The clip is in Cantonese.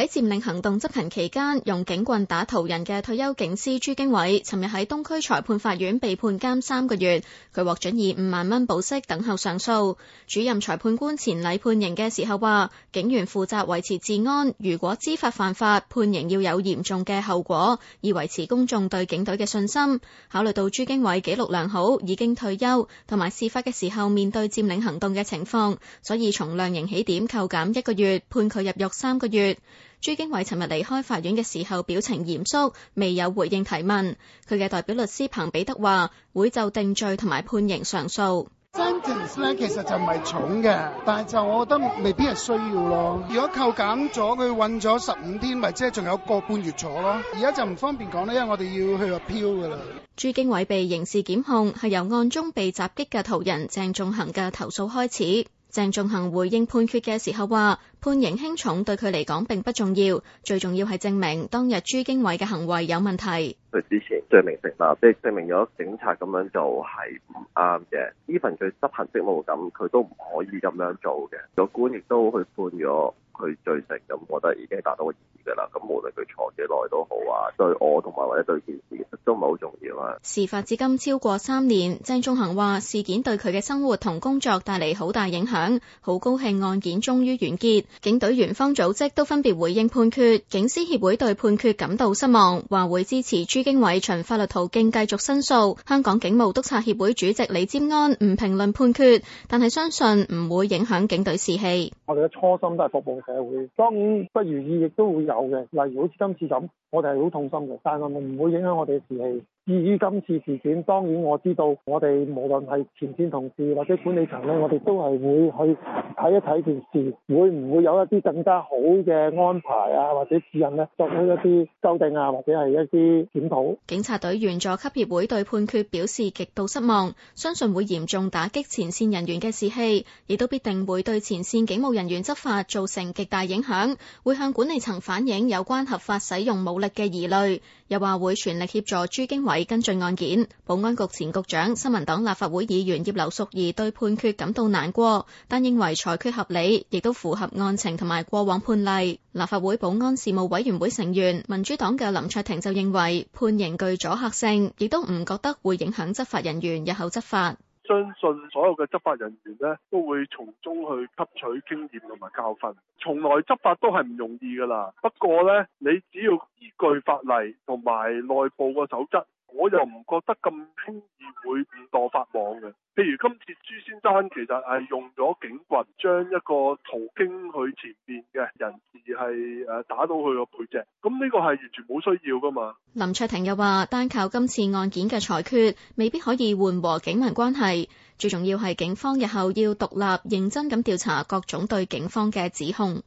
喺佔領行動執行期間，用警棍打途人嘅退休警司朱經緯，尋日喺東區裁判法院被判監三個月。佢獲准以五萬蚊保釋，等候上訴。主任裁判官前禮判刑嘅時候話，警員負責維持治安，如果知法犯法，判刑要有嚴重嘅後果，以維持公眾對警隊嘅信心。考慮到朱經緯記錄良好，已經退休，同埋事發嘅時候面對佔領行動嘅情況，所以從量刑起點扣減一個月，判佢入獄三個月。朱經緯尋日離開法院嘅時候，表情嚴肅，未有回應提問。佢嘅代表律師彭彼得話，會就定罪同埋判刑上訴。sentence 呢其實就唔係重嘅，但係就我覺得未必係需要咯。如果扣減咗佢運咗十五天，咪即係仲有個半月坐咯。而家就唔方便講呢，因為我哋要去個飄噶啦。朱經緯被刑事檢控，係由案中被襲擊嘅途人鄭仲恒嘅投訴開始。鄭仲恒回應判決嘅時候話。判刑輕重對佢嚟講並不重要，最重要係證明當日朱經緯嘅行為有問題。佢之前罪名成立，即係證明咗警察咁樣做係唔啱嘅。呢份佢執行職務咁，佢都唔可以咁樣做嘅。個官亦都去判咗佢罪成，咁我覺得已經係達到個意義噶啦。咁無論佢坐幾耐都好啊，對我同埋或者對件事，其實都唔係好重要啊。事發至今超過三年，鄭仲恆話事件對佢嘅生活同工作帶嚟好大影響，好高興案件終於完結。警隊員方組織都分別回應判決，警司協會對判決感到失望，話會支持朱經緯循法律途徑繼續申訴。香港警務督察協會主席李占安唔評論判決，但係相信唔會影響警隊士氣。我哋嘅初心都係服務社會，當然不如意亦都會有嘅，例如好似今次咁，我哋係好痛心嘅，但係我唔會影響我哋嘅士氣。至於今次事件，當然我知道，我哋無論係前線同事或者管理層呢，我哋都係會去睇一睇件事，會唔會有一啲更加好嘅安排啊，或者指引呢，作出一啲修訂啊，或者係一啲檢討。警察隊員佐級協會對判決表示極度失望，相信會嚴重打擊前線人員嘅士氣，亦都必定會對前線警務人員執法造成極大影響，會向管理層反映有關合法使用武力嘅疑慮。又話會全力協助朱經緯跟進案件。保安局前局長、新民黨立法會議員葉劉淑儀對判決感到難過，但認為裁決合理，亦都符合案情同埋過往判例。立法會保安事務委員會成員、民主黨嘅林卓廷就認為判刑具阻嚇性，亦都唔覺得會影響執法人員日後執法。相信所有嘅執法人員咧，都會從中去吸取經驗同埋教訓，從來執法都係唔容易噶啦。不過咧，你只要依據法例同埋內部嘅守則，我又唔覺得咁輕易會誤墮法網嘅。譬如今次朱先生其實係用咗警棍將一個途經佢前面嘅人而係誒打到佢個背脊，咁呢個係完全冇需要噶嘛。林卓廷又話，單靠今次案件嘅裁決未必可以緩和警民關係，最重要係警方日後要獨立、認真咁調查各種對警方嘅指控。